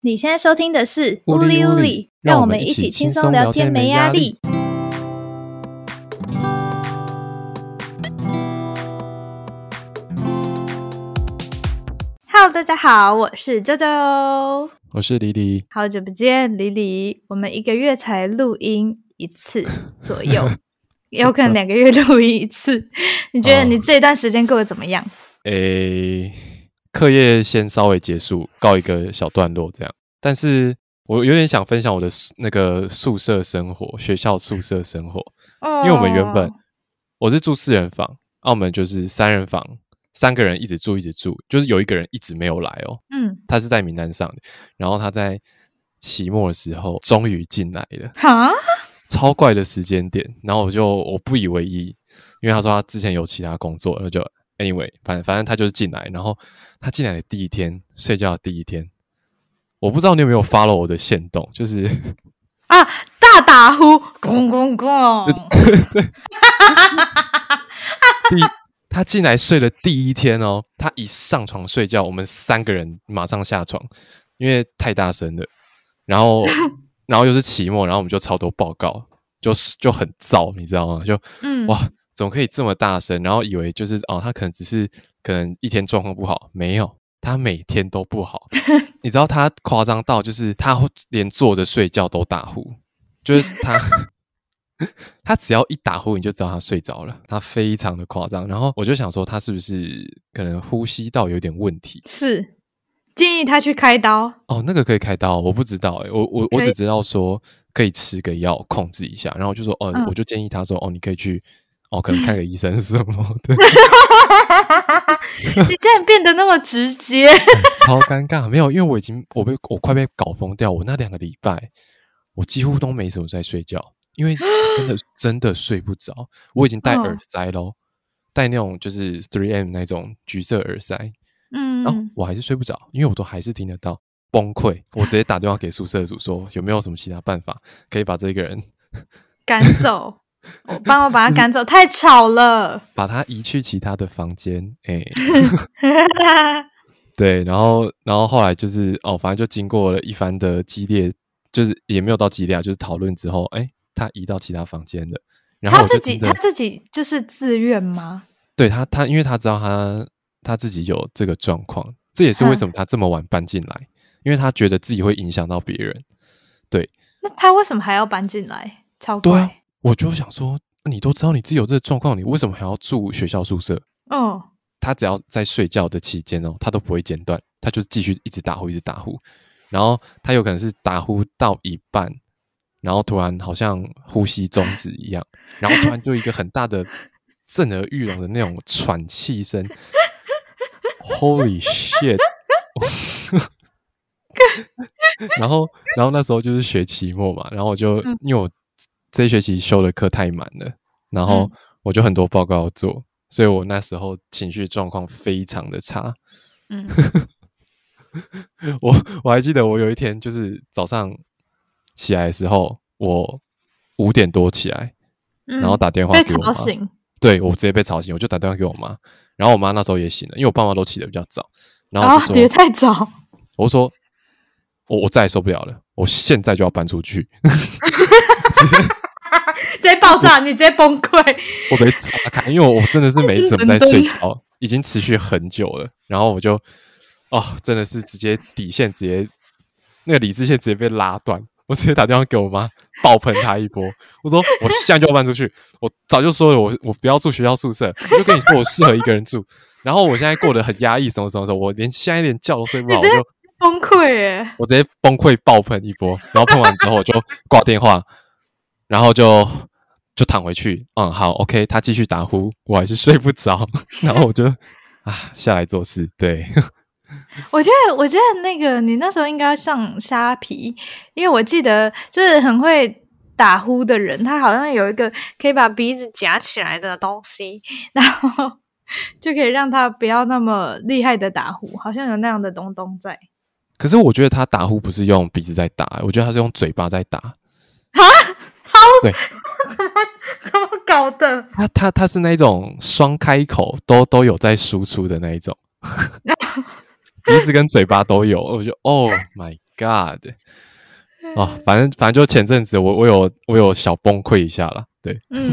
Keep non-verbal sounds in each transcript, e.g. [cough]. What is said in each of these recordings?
你現在收聽的是嗚哩嗚哩，讓我們一起輕鬆聊天，鬆聊天沒，沒壓力。Hello，大家好，我是啾啾。我是李李，好久不見，李李。我們一個月才錄音一次左右， [laughs] 也有可能兩個月錄音一次。 [laughs] 你覺得你這段時間過得怎麼樣？哦、誒。課業先稍微結束，告一個小段落這樣。但是我有點想分享我的那個宿舍生活，學校宿舍生活。因為我們原本、oh. 我是住四人房，澳門就是三人房，三個人一直住一直住，就是有一個人一直沒有來哦。嗯、mm.，他是在名單上的，然後他在期末的時候終於進來了，哈、huh?，超怪的時間點。然後我就我不以為意，因為他說他之前有其他工作，那就。Anyway，反正反正他就是進來，然後他進來的第一天，睡覺的第一天，我不知道你有沒有 follow 我的限動？就是啊，大打呼，公公公，哈哈哈哈哈！你，他進來睡了第一天哦，他一上床睡覺，我們三個人馬上下床，因為太大聲了，然後然後又是期末，然後我們就超多報告，就是就很燥，你知道嗎？就嗯，哇。怎麼可以這麼大聲？然後以為就是哦，他可能只是可能一天狀況不好，沒有，他每天都不好。 [laughs] 你知道他誇張到就是他連坐着睡覺都打呼，就是他 [laughs] [laughs] 他只要一打呼，你就知道他睡着了。他非常的誇張。然後我就想說，他是不是可能呼吸道有點問題？是，建議他去開刀。哦，那個可以開刀，我不知道、欸、我我、okay. 我只知道說可以吃個藥控制一下。然後就說哦、嗯，我就建議他說哦，你可以去。哦，可能看個醫生是什麼的。 [laughs] 你竟然變得那麼直接。 [laughs] 嗯、超尷尬。沒有，因為我已經，我被我快被搞瘋掉。我那兩個禮拜，我幾乎都沒怎麼在睡覺，因為真的 [coughs] 真的睡不着。我已經戴耳塞咯，戴、哦、那種就是 3M 那種橘色耳塞。嗯，然後我還是睡不着，因為我都還是聽得到崩潰。我直接打電話給宿舍組說，有沒有什麼其他辦法可以把這個人趕走？ [laughs] 幫、喔，我把他趕走，太吵了。把他移去其他的房間。哎、欸， [laughs] 對，然後，然後後來就是哦、喔，反正就經過了一番的激烈，就是也沒有到激烈，就是討論之後，哎、欸，他移到其他房間了。然後他自己，他自己就是自願嗎？對他，他因為他知道他他自己有這個狀況，這也是為什麼他這麼晚搬進來，嗯，因為他覺得自己會影響到別人。對，那他為什麼還要搬進來？超對、啊我就想說，你都知道你自己有這個狀況，你為什麼還要住學校宿舍？哦、oh.，他只要在睡覺的期間哦，他都不會間斷，他就繼續一直打呼，一直打呼。然後他有可能是打呼到一半，然後突然好像呼吸中止一樣，然後突然就一個很大的震耳欲聾的那種喘氣聲。Holy shit！ [laughs] [laughs] [laughs] [laughs] 然後，然後那時候就是學期末嘛，然後我就、嗯、因為我。這學期修的課太滿了，然後我就很多報告要做，嗯，所以我那時候情緒狀況非常的差。嗯， [laughs] 我我還記得我有一天就是早上起來的時候，我五點多起來，嗯，然後打電話給我媽。被吵醒。對我直接被吵醒，我就打電話給我媽，然後我媽那時候也醒了，因為我爸媽都起得比較早。然後我說、啊、別太早。我說我我再也受不了了。我現在就要搬出去， [laughs] 直，接我笑直接爆炸，你直接崩潰，我直查看。因為我真的是沒怎麼在睡覺，已經持續很久了。然後我就，哦，真的是直接底線，直接那個理智線直接被拉斷。我直接打電話給我媽，爆噴她一波。我說我現在就要搬出去，我早就說了，我我不要住學校宿舍，我就跟你說我適合一個人住。然後我現在過得很壓抑，什麼什麼什麼，我連現在連覺都睡不好，我就 [laughs] 。崩潰誒、欸，我直接崩潰爆噴一波，然後噴完之後我就掛電話， [laughs] 然後就就躺回去。嗯，好，OK。他繼續打呼，我還是睡不着。然後我就 [laughs] 啊下來做事。對， [laughs] 我覺得我覺得那個你那時候應該要上蝦皮，因為我記得就是很會打呼的人，他好像有一個可以把鼻子夾起來的東西，然後就可以讓他不要那麼厲害的打呼。好像有那樣的東東在。可是我覺得他打呼不是用鼻子在打，我覺得他是用嘴巴在打。哈？好，對，怎麼怎麼搞的？他他他是那種雙開口都都有在輸出的那一種，鼻 [laughs] 子 [laughs] [laughs] 跟嘴巴都有。我覺得 [laughs] ，Oh my God！啊，反正反正就前陣子我，我我有我有小崩潰一下了。對， [laughs] 嗯，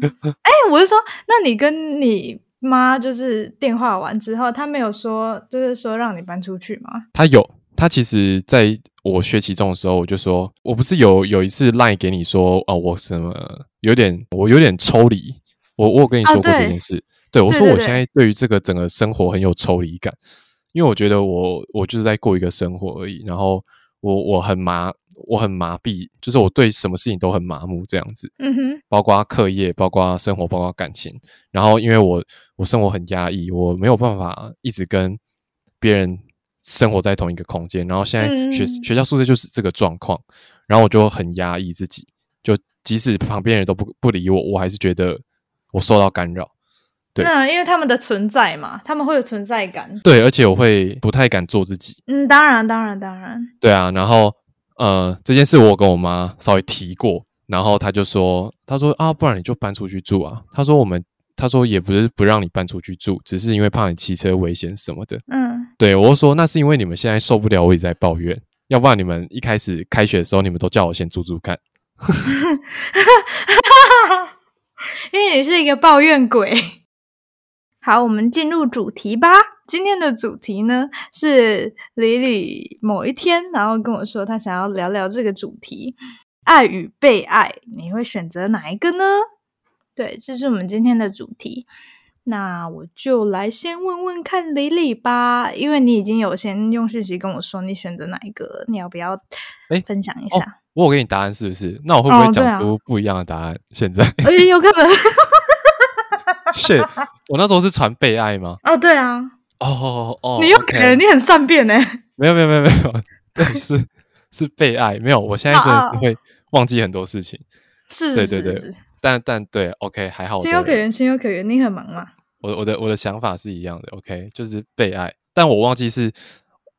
哎，欸，我就說，那你跟你。媽就是電話完之後，她沒有說，就是說讓你搬出去嗎？她有，她其實在我學期中的時候，我就說我不是有有一次賴給你說啊，我什麼有點，我有點抽離，我我有跟你說過這件事，啊對，對，我說我現在對於這個整個生活很有抽離感，對對對對，因為我覺得我我就是在過一個生活而已，然後我我很麻。我很麻痹，就是我對什麼事情都很麻木，這樣子。嗯哼。包括課業，包括生活，包括感情。然後，因為我我生活很壓抑，我沒有辦法一直跟別人生活在同一個空間。然後，現在學、嗯、學校宿舍就是這個狀況。然後我就很壓抑自己，就即使旁邊人都不不理我，我還是覺得我受到干擾。對，那因為他們的存在嘛，他們會有存在感。對，而且我會不太敢做自己。嗯，當然，當然，當然。對啊，然後。呃，這件事我跟我媽稍微提過，然後她就說：“她說啊，不然你就搬出去住啊。”她說：“我們她說也不是不讓你搬出去住，只是因為怕你騎車危險什麼的。”嗯，對，我就說那是因為你們現在受不了，我一直在抱怨，要不然你們一開始開學的時候，你們都叫我先住住看，哈哈哈，因為你是一個抱怨鬼。好，我們進入主題吧。今天的主題呢，是李李某一天，然後跟我說他想要聊聊這個主題，愛與被愛，你會選擇哪一個呢？對，這是我們今天的主題。那我就來先問問看李李吧，因為你已經有先用訊息跟我說你選擇哪一個，你要不要分享一下？欸哦、我有給你答案是不是？那我會不會講出不一樣的答案？現在、哦啊欸、有可能是， [laughs] Shit, 我那時候是傳被愛嗎？哦，對啊。哦哦，你有可，你很善變呢。 [laughs] 沒有沒有沒有沒有，沒有 [laughs] 對，是是被愛，沒有。我現在真的是會忘記很多事情。是、oh.，對對對。是是是但但對，OK，還好我。情有可原，情有可原。你很忙嘛，我我的我的想法是一樣的，OK，就是被愛。但我忘記是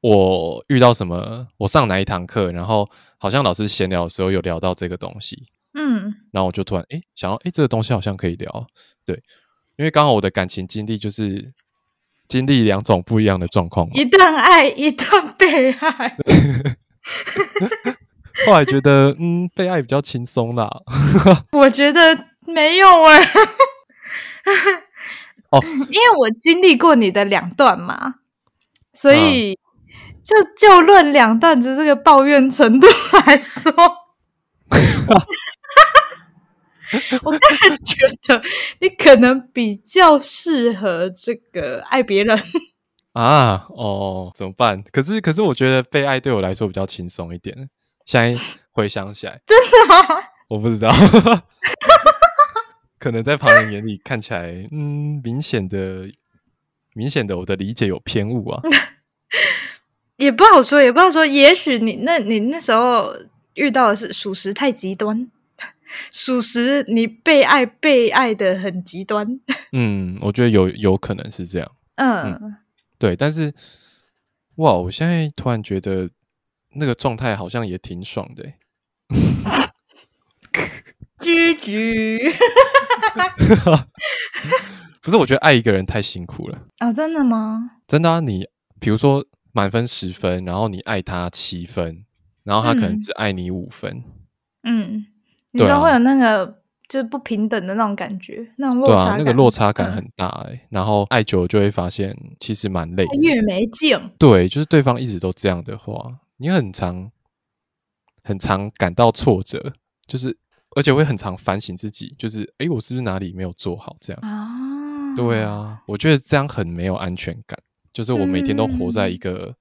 我遇到什麼，我上哪一堂課，然後好像老師閒聊的時候有聊到這個東西。嗯。然後我就突然哎、欸，想到哎、欸，這個東西好像可以聊。對，因為剛好我的感情經歷就是。經歷兩種不一樣的狀況，一段愛，一段被愛。 [laughs] 後來覺得，嗯，被愛比較輕鬆啦 [laughs] 我覺得沒有哎。哦， [laughs] 因為我經歷過你的兩段嘛，所以就就論兩段的這個抱怨程度來說。啊 [laughs] [laughs] 我個人覺得你可能比較適合這個愛別人啊哦，怎麼辦？可是可是，我覺得被愛對我來說比較輕鬆一點。現在回想起來，真的嗎？我不知道， [laughs] [laughs] [laughs] 可能在旁人眼裡看起來，嗯，明顯的、明顯的，我的理解有偏誤啊，也不好說，也不好說。也許你那，你那時候遇到的是屬實太極端。屬實，你被愛被愛的很極端。嗯，我覺得有有可能是這樣。嗯，對，但是哇，我現在突然覺得那個狀態好像也挺爽的欸。啾啾，不是？我覺得愛一個人太辛苦了啊，哦！真的嗎？真的啊！你比如說，滿分十分，然後你愛他七分，然後他可能只愛你五分。嗯。嗯你知道會有那個、啊、就是不平等的那種感覺，那種落差感、啊。那個落差感很大哎、欸嗯。然後愛久了就會發現，其實蠻累的。越沒勁。對，就是對方一直都這樣的話，你很常很常感到挫折，就是而且會很常反省自己，就是哎、欸，我是不是哪裡沒有做好這樣啊？對啊，我覺得這樣很沒有安全感，就是我每天都活在一個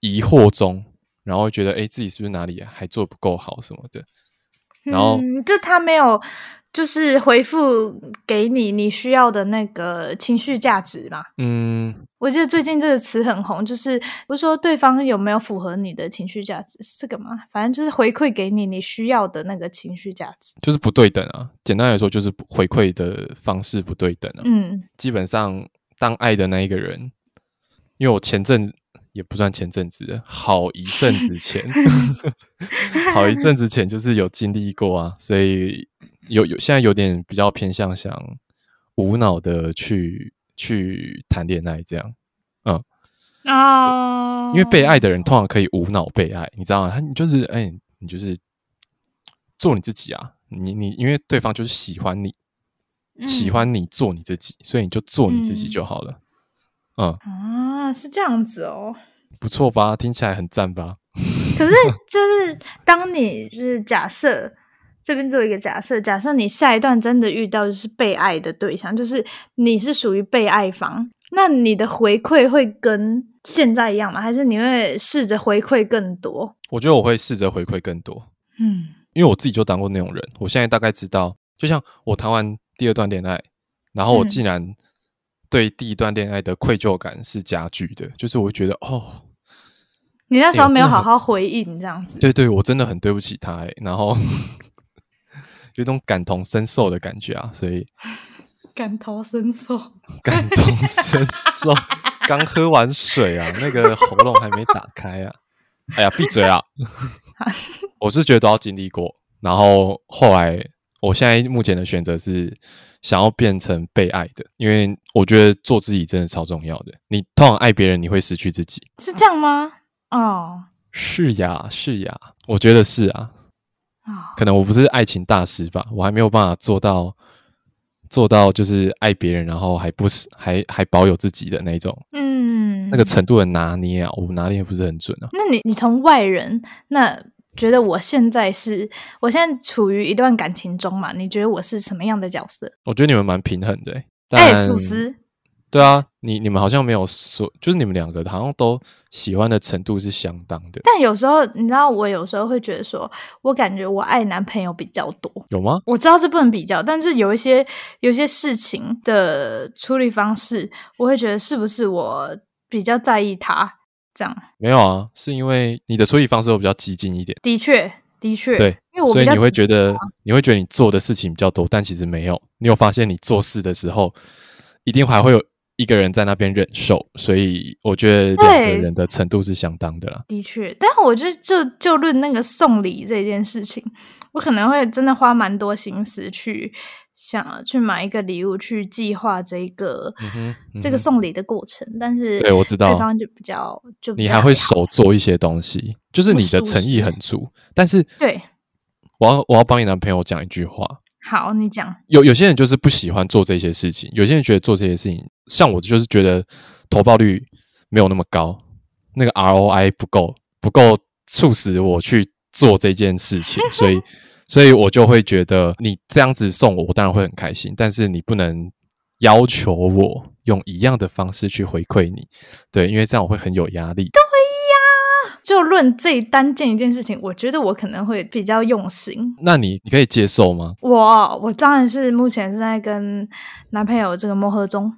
疑惑中，嗯、然後覺得哎、欸，自己是不是哪裡、啊、還做不夠好什麼的。然後嗯，就他沒有，就是回復給你你需要的那個情緒價值嘛？嗯，我記得最近這個詞很紅，就是不是說對方有沒有符合你的情緒價值，是這個嗎？反正就是回饋給你你需要的那個情緒價值，就是不對等啊。簡單來說，就是回饋的方式不對等啊。嗯，基本上當愛的那一個人，因為我前陣。也不算前陣子，好一陣子前， [laughs] [laughs] 好一陣子前就是有經歷過啊，所以有有現在有點比較偏向想無腦的去去談戀愛這樣，嗯啊、Oh.，因為被愛的人通常可以無腦被愛，你知道嗎？他你就是哎，你就是做你自己啊，你你因為對方就是喜歡你、嗯，喜歡你做你自己，所以你就做你自己就好了，嗯。嗯是這樣子哦，不錯吧？聽起來很讚吧？可是，就是當你就是假設 [laughs] 這邊做一個假設，假設你下一段真的遇到就是被愛的對象，就是你是屬於被愛方，那你的回饋會跟現在一樣嗎？還是你會試着回饋更多？我覺得我會試着回饋更多。嗯，因為我自己就當過那種人，我現在大概知道，就像我談完第二段戀愛，然後我竟然、嗯。對第一段戀愛的愧疚感是加劇的，就是我覺得哦，你那時候沒有好好回應、欸、這樣子，對對，我真的很對不起他誒，然後 [laughs] 有種感同身受的感覺啊，所以感同身受，感同身受， [laughs] 剛喝完水啊，那個喉嚨還沒打開啊， [laughs] 哎呀，閉嘴啊！ [laughs] [laughs] 我是覺得都要經歷過，然後後來我現在目前的選擇是。想要變成被愛的，因為我覺得做自己真的超重要的。你通常愛別人，你會失去自己，是這樣嗎？哦，Oh.，是呀，是呀，我覺得是啊。Oh. 可能我不是愛情大師吧，我還沒有辦法做到做到，就是愛別人，然後還不是還還保有自己的那種。嗯，那個程度的拿捏啊，我拿捏也不是很準啊。那你，你從外人那。我覺得我現在是，我現在處於一段感情中嘛，你覺得我是什麼樣的角色？我覺得你們蠻平衡的欸。哎，欸，屬實。對啊，你你們好像沒有說，就是你們兩個好像都喜歡的程度是相當的。但有時候你知道，我有時候會覺得說，我感覺我愛男朋友比較多。有嗎？我知道這不能比較，但是有一些有一些事情的處理方式，我會覺得是不是我比較在意他。這樣沒有啊，是因為你的處理方式會比較激進一點。的確，的確，對，因為我，所以你會覺得，你會覺得你做的事情，比較多，但其實沒有。你有發現，你做事的時候，一定還會有一個人在那邊忍受。所以我覺得兩個人的程度是相當的啦。的確，但我就就就論那個送禮這件事情，我可能會真的花蠻多心思去。想去買一個禮物，去計劃這個、嗯嗯、這個送禮的過程，嗯、但是對我知道對方就比較就比較還你還會手做一些東西，就是你的誠意很足，但是對我要我要幫你男朋友講一句話，好，你講。有有些人就是不喜歡做這些事情，有些人覺得做這些事情，像我就是覺得投報率沒有那麼高，那個 ROI 不夠不夠促使我去做這件事情， [laughs] 所以。所以我就會覺得你這樣子送我，我當然會很開心。但是你不能要求我用一樣的方式去回饋你，對，因為這樣我會很有壓力。對呀、啊，就論這一單件一件事情，我覺得我可能會比較用心。那你你可以接受嗎？我我當然是目前是在跟男朋友這個磨合中，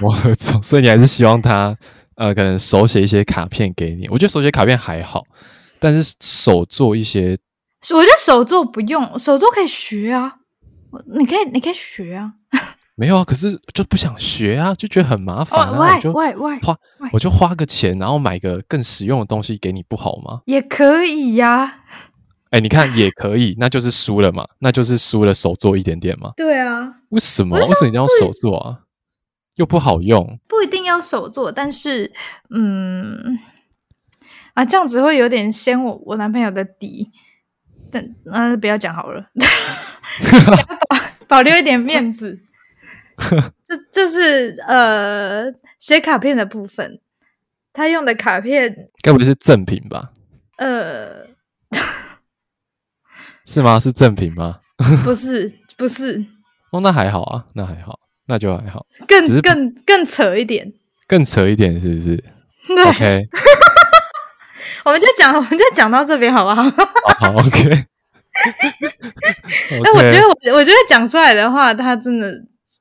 磨 [laughs] 合中，所以你還是希望他呃，可能手寫一些卡片給你。我覺得手寫卡片還好，但是手做一些。我覺得手做不用，手做可以學啊，你可以，你可以學啊。 [laughs] 沒有啊，可是就不想學啊，就覺得很麻煩啊，Oh, why, why, why, why, 我就花，why. 我就花個錢，然後買個更實用的東西給你，不好嗎？也可以呀、啊。哎、欸，你看也可以， [laughs] 那就是輸了嘛，那就是輸了手做一點點嘛。對啊，為什麼、啊、為什麼我一定要手做啊？又不好用，不一定要手做，但是嗯，啊，這樣子會有點掀我我男朋友的底。等啊、呃，不要講好了 [laughs] 保，保留一點面子。這 [laughs] 這、就是呃，寫卡片的部分，他用的卡片該不就是贈品吧？呃，是嗎？是贈品嗎？ [laughs] 不是，不是。哦，那還好啊，那還好，那就還好。更更更扯一點，更扯一點，是不是對？OK。 [laughs] 我們就講，我們就講到這邊好不好？好，oh，OK。哎，我覺得，我覺得講出來的話，他真的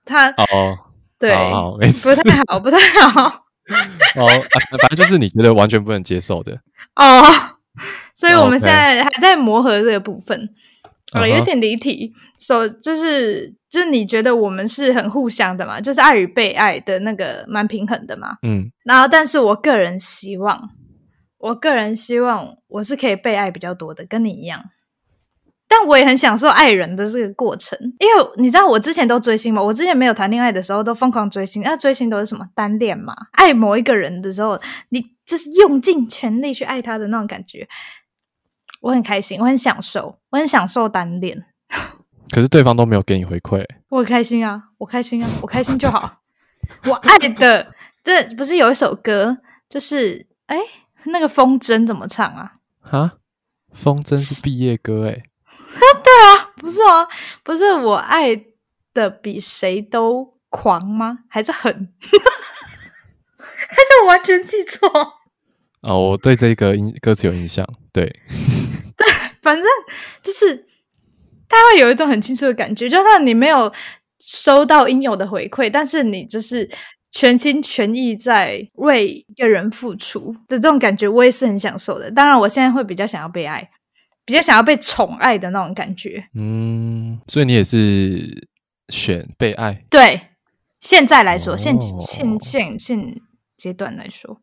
他哦，它 oh, 對 oh, oh，不太好，不太好。哦，oh, 啊，反正就是你覺得完全不能接受的哦。 [laughs] oh, 所以我們現在還在磨合這個部分，有點離題。所就是就是你覺得我們是很互相的嘛，就是愛與被愛的那個蠻平衡的嘛，嗯。然後，但是我個人希望。我個人希望我是可以被愛比較多的，跟你一樣，但我也很享受愛人的這個過程，因為你知道我之前都追星嘛，我之前沒有談戀愛的時候都瘋狂追星，那追星都是什麼？單戀嘛，愛某一個人的時候，你就是用盡全力去愛他的那種感覺，我很開心，我很享受，我很享受單戀，可是對方都沒有給你回饋，我很開心啊，我開心啊，我開心就好， [laughs] 我愛的，這不是有一首歌，就是誒、欸那個風箏怎麼唱啊？哈，風箏是畢業歌哎、欸。對啊，不是哦、啊，不是我愛的比誰都狂嗎？還是很， [laughs] 還是我完全記錯？哦，我對這個音歌詞有印象。對，對， [laughs] 反正就是，他會有一種很清楚的感覺，就算你沒有收到應有的回饋，但是你就是。全心全意在為一個人付出的這種感覺，我也是很享受的。當然，我現在會比較想要被愛，比較想要被寵愛的那種感覺。嗯，所以你也是選被愛？對，現在來說，哦、現現現現階段來說，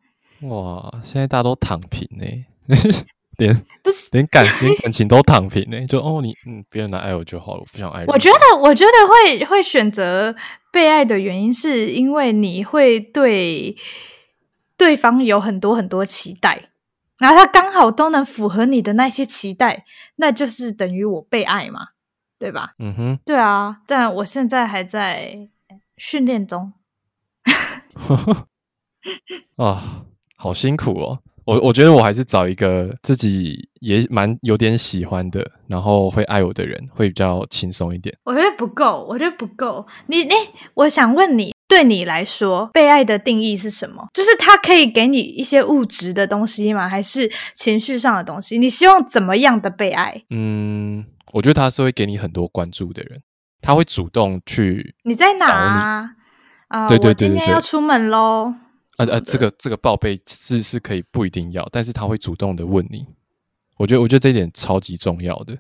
哇，現在大家都躺平耶， [laughs] 連不是 [laughs] 連感感情都躺平耶。就哦，你嗯，別人來愛我就好了，我不想愛。我覺得，我覺得會會選擇。被愛的原因是因為你會對對方有很多很多期待，然後他剛好都能符合你的那些期待，那就是等於我被愛嘛，對吧？嗯哼，對啊，但我現在還在訓練中，啊， [laughs] [laughs] 好辛苦哦。我我覺得我還是找一個自己也蠻有點喜歡的，然後會愛我的人，會比較輕鬆一點。我覺得不夠，我覺得不夠。你哎，我想問你，對你來說被愛的定義是什麼？就是他可以給你一些物質的東西嗎？還是情緒上的東西？你希望怎麼樣的被愛？嗯，我覺得他是會給你很多關注的人，他會主動去你在哪啊？啊、呃，對對對對，對，對，今天要出門嘍。呃、啊、呃、啊，這個這個報備是是可以不一定要，但是他會主動的問你。我覺得我覺得這一點超級重要的，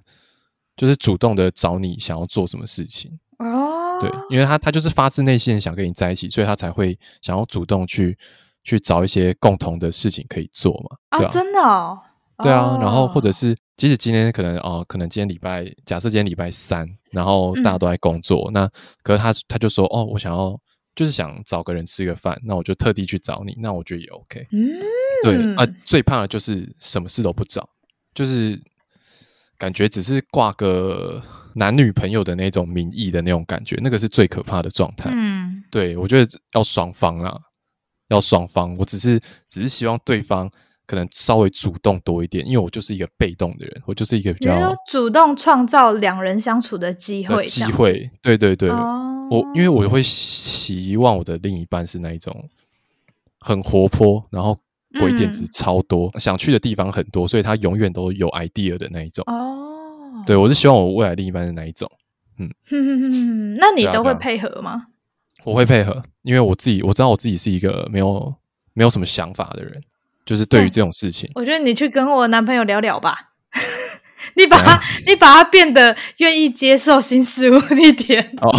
就是主動的找你想要做什麼事情哦，對，因為他他就是發自內心的想跟你在一起，所以他才會想要主動去去找一些共同的事情可以做嘛。啊，啊，真的，哦？對啊，哦。然後或者是即使今天可能哦、呃，可能今天禮拜，假設今天禮拜三，然後大家都在工作，嗯、那可是他他就說哦，我想要。就是想找個人吃個飯，那我就特地去找你，那我覺得也 OK。嗯，對啊，最怕的就是什麼事都不找，就是感覺只是掛個男女朋友的那種名義的那種感覺，那個是最可怕的狀態。嗯，對，我覺得要雙方啦、啊，要雙方。我只是只是希望對方可能稍微主動多一點，因為我就是一個被動的人，我就是一個比較比主動創造兩人相處的機會，機會。對對對,對。哦我因為我會希望我的另一半是那一種很活潑，然後鬼點子超多，嗯，想去的地方很多，所以他永遠都有 idea 的那一種。哦，對，我是希望我未來另一半是那一種。嗯， [laughs] 那你都會配合嗎？啊，我會配合，因為我自己我知道我自己是一個沒有沒有什麼想法的人，就是對於這種事情，我覺得你去跟我男朋友聊聊吧。 [laughs] 你把它，你把它變得願意接受新事物一點。哦，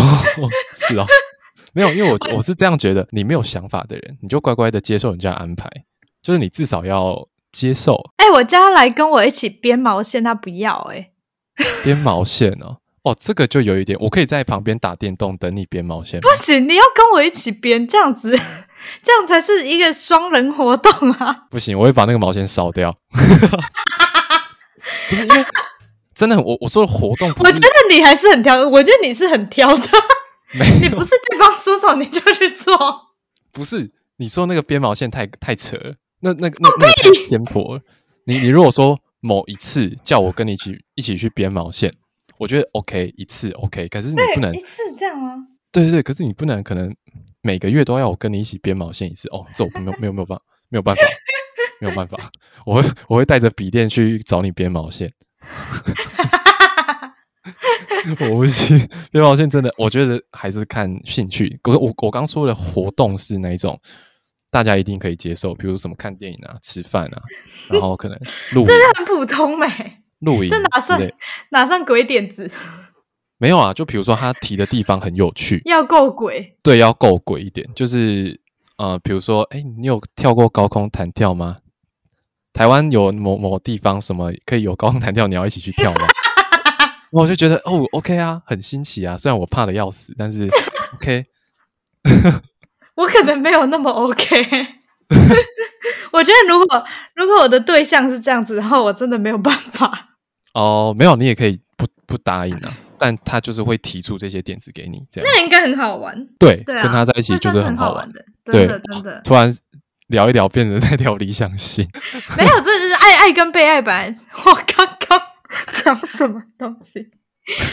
是哦、啊，沒有，因為我我，我是這樣覺得，你沒有想法的人，你就乖乖的接受人家安排，就是你至少要接受。哎、欸，我叫他來跟我一起編毛線，他不要、欸。哎，編毛線哦，哦，這個就有一點，我可以在旁邊打電動等你編毛線。不行，你要跟我一起編，這樣子，這樣才是一個雙人活動啊。不行，我會把那個毛線燒掉。 [laughs] 不是，因為真的，我我說的活動不，我覺得你還是很挑，我覺得你是很挑的，沒，你不是對方說啥你就去做，不是，你說那個編毛線太太扯了，那那，那，那，那個，那偏頗，你你如果說某一次叫我跟你一起一起去編毛線，我覺得 OK 一次 OK，可是你不能一次這樣啊，對對對，可是你不能可能每個月都要我跟你一起編毛線一次哦，這我沒有沒有沒有辦法沒有辦法。 [laughs] 沒有辦法，我會我會帶着筆電去找你編毛線。 [laughs] 我不信編毛線真的，我覺得還是看興趣。我我我剛說的活動是哪一種，大家一定可以接受，比如什麼看電影啊、吃飯啊，然後可能露營，真的很普通誒、欸。露營這哪算哪算鬼點子？沒有啊，就比如說他提的地方很有趣，要夠鬼，對，要夠鬼一點，就是呃，比如說，哎，你有跳過高空彈跳嗎？台灣有某某地方什麼可以有高空彈跳，你要一起去跳嗎？ [laughs] 我就覺得哦，OK 啊，很新奇啊，雖然我怕得要死，但是 OK。 [laughs] 我可能沒有那麼 OK。 [laughs] 我覺得如果如果我的對象是這樣子的話，我真的沒有辦法。哦，沒有，你也可以不不答應啊，但他就是會提出這些點子給你，這樣 [laughs] 那應該很好玩。對，對啊，跟他在一起就是很好玩，很好玩的，對的，真的。突然。聊一聊，變成在聊理想型 [laughs] 沒有，這就是愛愛跟被愛版。我剛剛講什麼東西？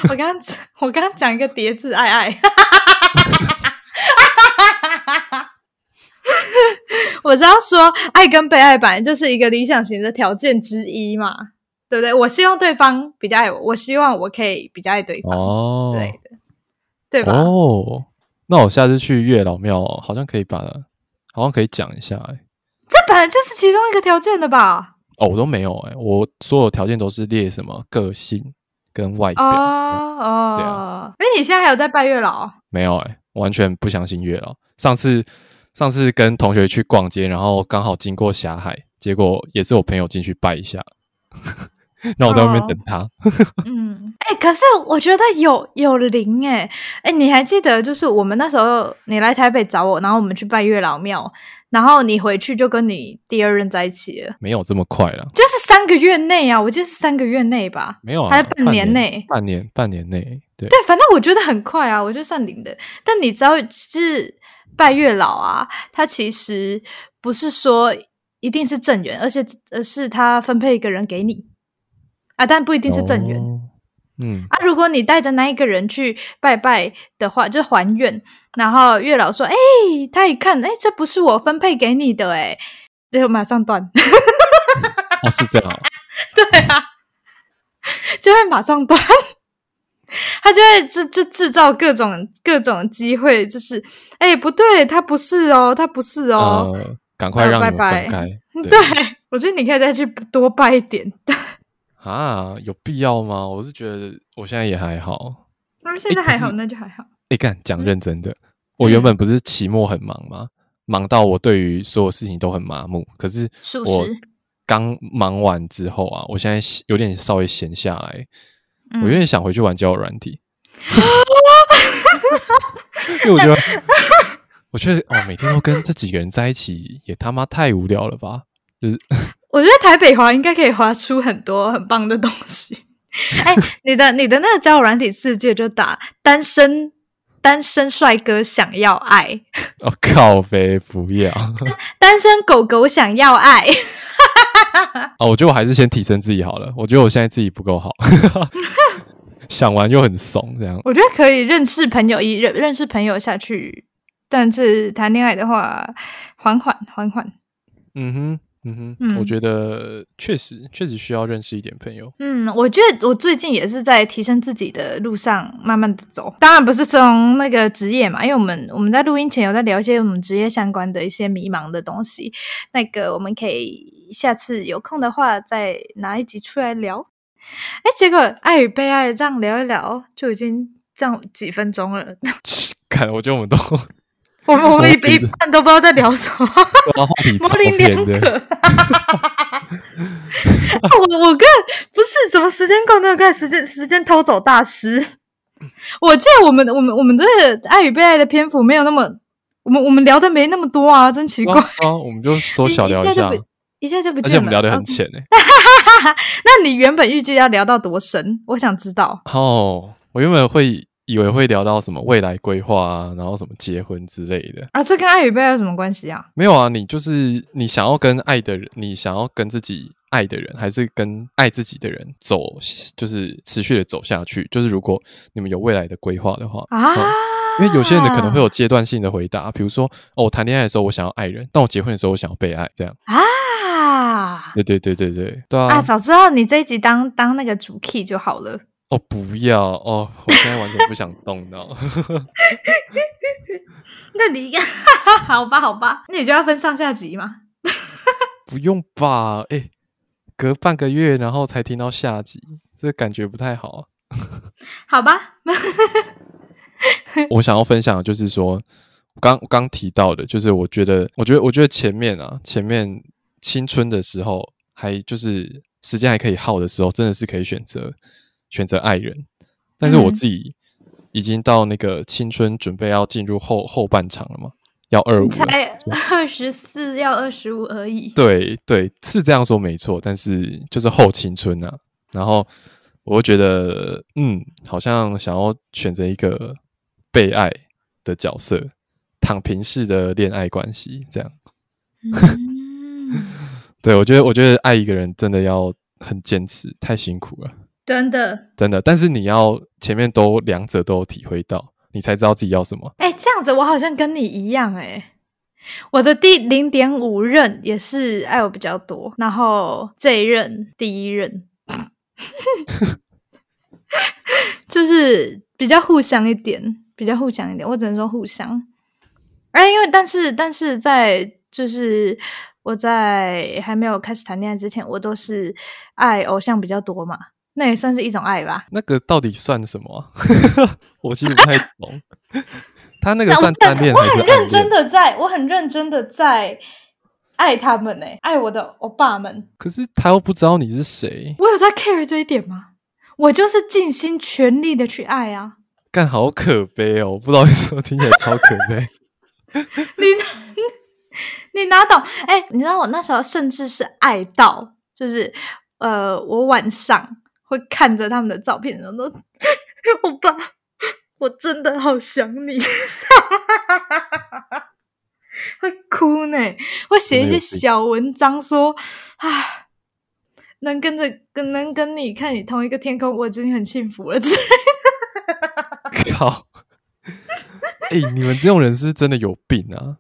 我剛我剛講一個疊字愛愛。 [laughs] 我是要說愛跟被愛本就是一個理想型的條件之一嘛，對不對？我希望對方比較愛我，我希望我可以比較愛對方，之類的，對吧？哦，oh. 那我下次去月老廟好像可以把好像可以講一下、欸，哎，這本來就是其中一個條件的吧？哦，我都沒有、欸，哎，我所有條件都是列什麼個性跟外表，哦、嗯、哦，對啊。哎，你現在還有在拜月老？沒有、欸，哎，完全不相信月老。上次，上次跟同學去逛街，然後剛好經過霞海，結果也是我朋友進去拜一下。 [laughs] 那 [laughs] 我在外面等他，oh.。嗯、哎、欸，可是我覺得有有靈哎哎，你還記得就是我們那時候你來台北找我，然後我們去拜月老廟，然後你回去就跟你第二任在一起了。沒有這麼快啦，就是三個月內啊，我記得是三個月內吧，沒有、啊，還是半年內，半年半年，半年內，對對，反正我覺得很快啊，我覺得算靈的，但你知道、就是拜月老啊，他其實不是說一定是正緣，而且而是他分配一個人給你。啊，但不一定是正緣、哦，嗯啊，如果你帶着那一個人去拜拜的話，就是還願，然後月老說：“哎、欸，他一看，哎、欸，這不是我分配給你的、欸，哎，就馬上斷。 [laughs] ”哦，是這樣、哦。對啊、嗯，就會馬上斷，他就會制制製造各種各種機會，就是哎、欸，不對，他不是哦，他不是哦，趕、呃、快讓你、啊、拜、拜。拜分開，對，對，我覺得你可以再去多拜一點。啊，有必要嗎？我是覺得我現在也還好。那現在還好、欸，那就還好。誒、欸、幹，講認真的、嗯，我原本不是期末很忙嗎？嗯、忙到我對於所有事情都很麻木。可是我剛忙完之後啊，我現在有點稍微閒下來、嗯，我有點想回去玩交友軟體。嗯、 [laughs] [laughs] [laughs] 因為我覺得， [laughs] 我覺得哦，每天都跟這幾個人在一起，也他媽太無聊了吧？就是。 [laughs] 我覺得台北滑應該可以滑出很多很棒的東西。哎，你的你的那個交友軟體世界就打單身，單身帥哥想要愛。我、哦、靠北，不要。單身狗狗想要愛。 [laughs] 哦，我覺得我還是先提升自己好了。我覺得我現在自己不夠好。 [laughs] [laughs] 想玩又很慫，這樣。我覺得可以認識朋友一，一認認識朋友下去。但是談戀愛的話，緩緩緩緩。嗯哼。嗯哼，我覺得確實確實需要認識一點朋友。嗯，我覺得我最近也是在提升自己的路上慢慢的走。當然不是從那個職業嘛，因為我們我們在錄音前有在聊一些我們職業相關的一些迷茫的東西。那個我們可以下次有空的話再拿一集出來聊。哎，結果愛與被愛這樣聊一聊就已經這樣幾分鐘了。看， [laughs] 我覺得我們都。 [laughs] 我們我們一一半都不知道在聊什麼，模稜兩可。我 [laughs] 我跟不是怎麼時間過那麼快，時間時間偷走大師。我記得我們我們我們這個愛與被愛的篇幅沒有那麼，我們我們聊的沒那麼多啊，真奇怪。啊啊、我們就縮小聊一下， [laughs] 一,一下就不見了，而且我們聊的很淺誒、欸。 [laughs] 那你原本預計要聊到多深？我想知道。哦、oh，我原本會。以為會聊到什麼未來規劃啊，然後什麼結婚之類的啊，這跟愛與被愛有什麼關係啊？沒有啊，你就是你想要跟愛的人，你想要跟自己愛的人，還是跟愛自己的人走，就是持續的走下去。就是如果你們有未來的規劃的話啊、哦，因為有些人可能會有階段性的回答，啊、比如說哦，我談戀愛的時候我想要愛人，但我結婚的時候我想要被愛，這樣啊，對對對對對，對啊，早、啊、知道你這一集當當那個主 key 就好了。哦，不要哦！我現在完全不想動哦。 [laughs] [laughs] 那你要 [laughs] 好吧？好吧？那你就要分上下集嗎？ [laughs] 不用吧、欸？隔半個月，然後才聽到下集，這個、感覺不太好、啊、 [laughs] 好吧。 [laughs] 我想要分享的就是說，我剛我剛提到的，就是我覺得，我覺得，我覺得前面啊，前面青春的時候，還就是時間還可以耗的時候，真的是可以選擇。選擇愛人，但是我自己已經到那個青春，準備要進入後後半場了嘛。要二十五，才二十四，要二十五而已。對對，是這樣說沒錯，但是就是後青春啊。然後我就覺得，嗯，好像想要選擇一個被愛的角色，躺平式的戀愛關係這樣。嗯、 [laughs] 對我覺得，我覺得愛一個人真的要很堅持，太辛苦了。真的，真的，但是你要前面都兩者都有體會到，你才知道自己要什麼。哎、欸，這樣子我好像跟你一樣誒、欸。我的第零點五任也是愛我比較多，然後這一任第一任， [laughs] [laughs] 就是比較互相一點，比較互相一點，我只能說互相。哎、欸，因為但是但是在就是我在還沒有開始談戀愛之前，我都是愛偶像比較多嘛。那也算是一種愛吧。那個到底算什麼？我其實不太懂。 [laughs] 他那個算單戀？我很認真的在、在我很認真的在愛他們呢、欸。愛我的歐巴們。可是他又不知道你是誰。我有在 care 這一點嗎？我就是盡心全力的去愛啊。幹，好可悲哦！我不知道為什麼聽起來超可悲 [laughs] [laughs] [laughs] 你。你你哪懂？哎，你知道我那時候甚至是愛到，就是呃，我晚上。會看着他們的照片，然後都，我爸，我真的好想你， [laughs] 會哭呢，會寫一些小文章說，啊，能跟着能跟你看你同一個天空，我真的很幸福了之類的哎、 [laughs] 欸，你們這種人是不是真的有病啊！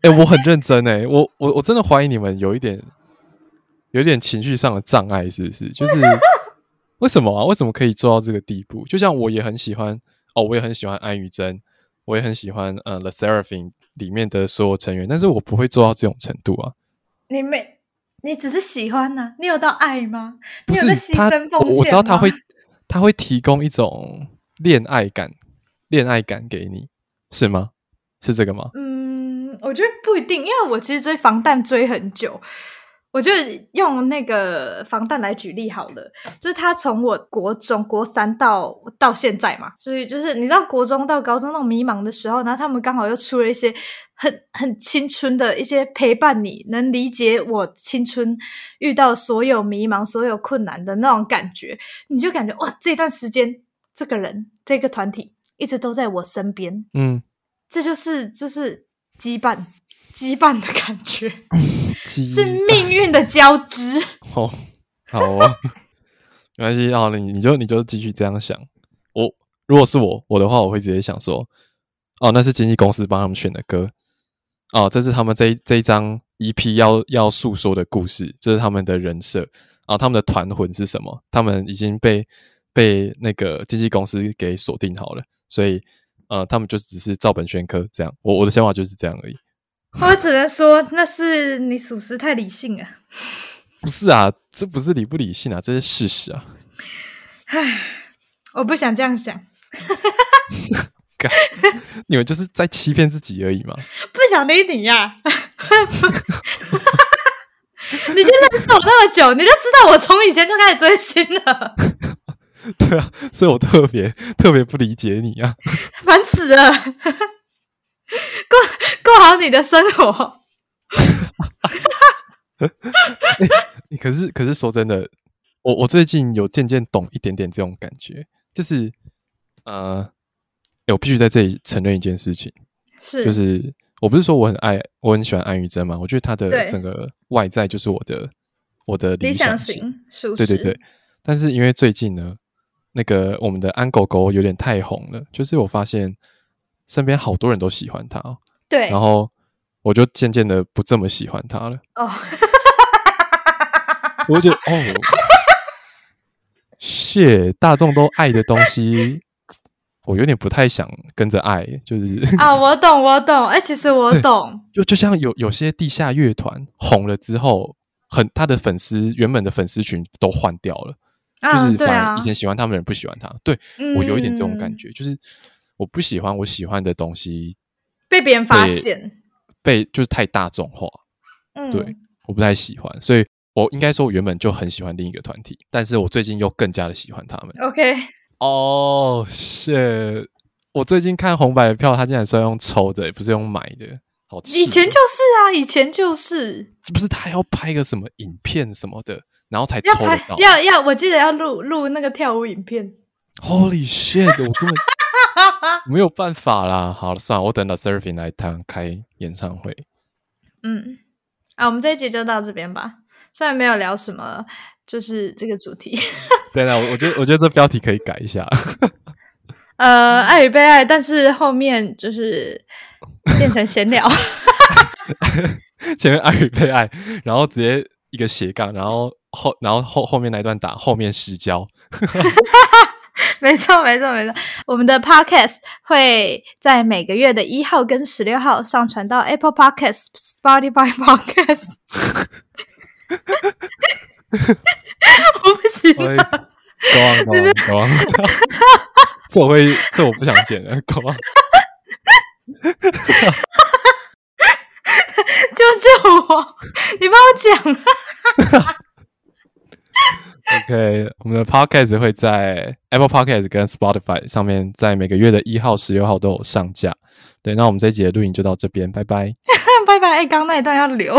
哎、 [laughs] 欸，我很認真哎、欸，我我我真的懷疑你們有一點。有點情緒上的障礙，是不是？就是為什麼啊？為 [laughs] 什麼可以做到這個地步？就像我也很喜歡哦，我也很喜歡安宇珍，我也很喜歡呃，The Seraphine 裡面的所有成員，但是我不會做到這種程度啊。你沒，你只是喜歡呢、啊？你有到愛嗎？不是，你有在犧牲奉獻嗎？他我，我知道他會，他會提供一種戀愛感，戀愛感給你是嗎？是這個嗎？嗯，我覺得不一定，因為我其實追防彈追很久。我就用那個防彈來舉例好了，就是他從我國中國三到到現在嘛，所以就是你知道國中到高中那種迷茫的時候，然後他們剛好又出了一些很很青春的一些陪伴你，你能理解我青春遇到所有迷茫、所有困難的那種感覺，你就感覺哇，這段時間這個人這個團體一直都在我身邊，嗯，這就是就是羈絆羈絆的感覺。 [laughs] 是命運的交織 [laughs] 、啊。哦，好啊， [laughs] 沒關係啊，你你就你就繼續這樣想。我如果是我我的話，我會直接想說，哦、啊，那是經紀公司幫他們選的歌。哦、啊，這是他們這一這一張 EP 要要訴說的故事，這是他們的人設啊，他們的團魂是什麼？他們已經被被那個經紀公司給鎖定好了，所以呃、啊，他們就只是照本宣科這樣。我我的想法就是這樣而已。我只能說，那是你屬實太理性了。不是啊，這不是理不理性啊，這是事實啊。唉，我不想這樣想。 [laughs] 你們就是在欺騙自己而已嘛。不想理你呀、啊！ [laughs] 你就認識我那麼久，你就知道我從以前就開始追星了。 [laughs] 對啊，所以我特別特別不理解你啊。煩死了！過過好你的生活、 [laughs] 欸。可是，可是說真的，我我最近有漸漸懂一點點這種感覺，就是，呃，欸、我必須在這裡承認一件事情，是，就是，我不是說我很愛，我很喜歡安雨珍嘛，我覺得她的整個外在就是我的，我的理想，理想型，對對對。但是因為最近呢，那個我們的安狗狗有點太紅了，就是我發現。身邊好多人都喜歡他，對，然後我就漸漸的不這麼喜歡他了。哦，哈哈哈哈哈！哈哈哈哈哈！哈我覺得哦，是、 [laughs] yeah, 大眾都愛的東西， [laughs] 我有點不太想跟着愛，就是啊，我懂，我懂。哎，其實我懂，就就像有有些地下樂團紅了之後，很他的粉絲原本的粉絲群都換掉了，uh, 就是反而以前喜歡他們的人不喜歡他。對，我有一點這種感覺，mm. 就是。我不喜歡我喜歡的東西被別人發現，被就是太大眾化，嗯，對，我不太喜歡，所以我應該說，我原本就很喜歡另一個團體，但是我最近又更加的喜歡他們。OK，哦、oh，shit！我最近看紅白的票，他竟然說要用抽的，也不是用買的，好的，以前就是啊，以前就是，不是他要拍個什麼影片什麼的，然後才抽到，要要，要，我記得要錄錄那個跳舞影片，Holy shit！我根本。 [laughs] [laughs] 沒有辦法啦，好了，算了，我等到 surfing 來談開演唱會。嗯，啊，我們這一集就到這邊吧，雖然沒有聊什麼，就是這個主題。 [laughs] 對了，我覺得我覺得這標題可以改一下。 [laughs] 呃，愛與被愛，但是後面就是變成閒聊。 [laughs] [laughs] 前面愛與被愛，然後直接一個斜槓，然後後然後後，後面那一段打後面失焦。 [laughs] [laughs] 沒錯，沒錯，沒錯。我們的 podcast 會在每個月的一號跟十六號上傳到 Apple Podcast、Spotify Podcast。 [laughs] [laughs] 我不行了，搞忘搞忘搞忘！這我會， [laughs] [laughs] 這我不想剪了，搞忘！ [laughs] [laughs] 救救我！你幫我講了。 [laughs] [laughs] OK，我們的 Podcast 會在 Apple Podcast 跟 Spotify 上面，在每個月的一號、十六號都有上架。對，那我們這一集的錄影就到這邊，拜拜， [laughs] 拜拜。哎，剛那一段要留，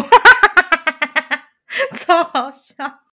[laughs] 超好笑。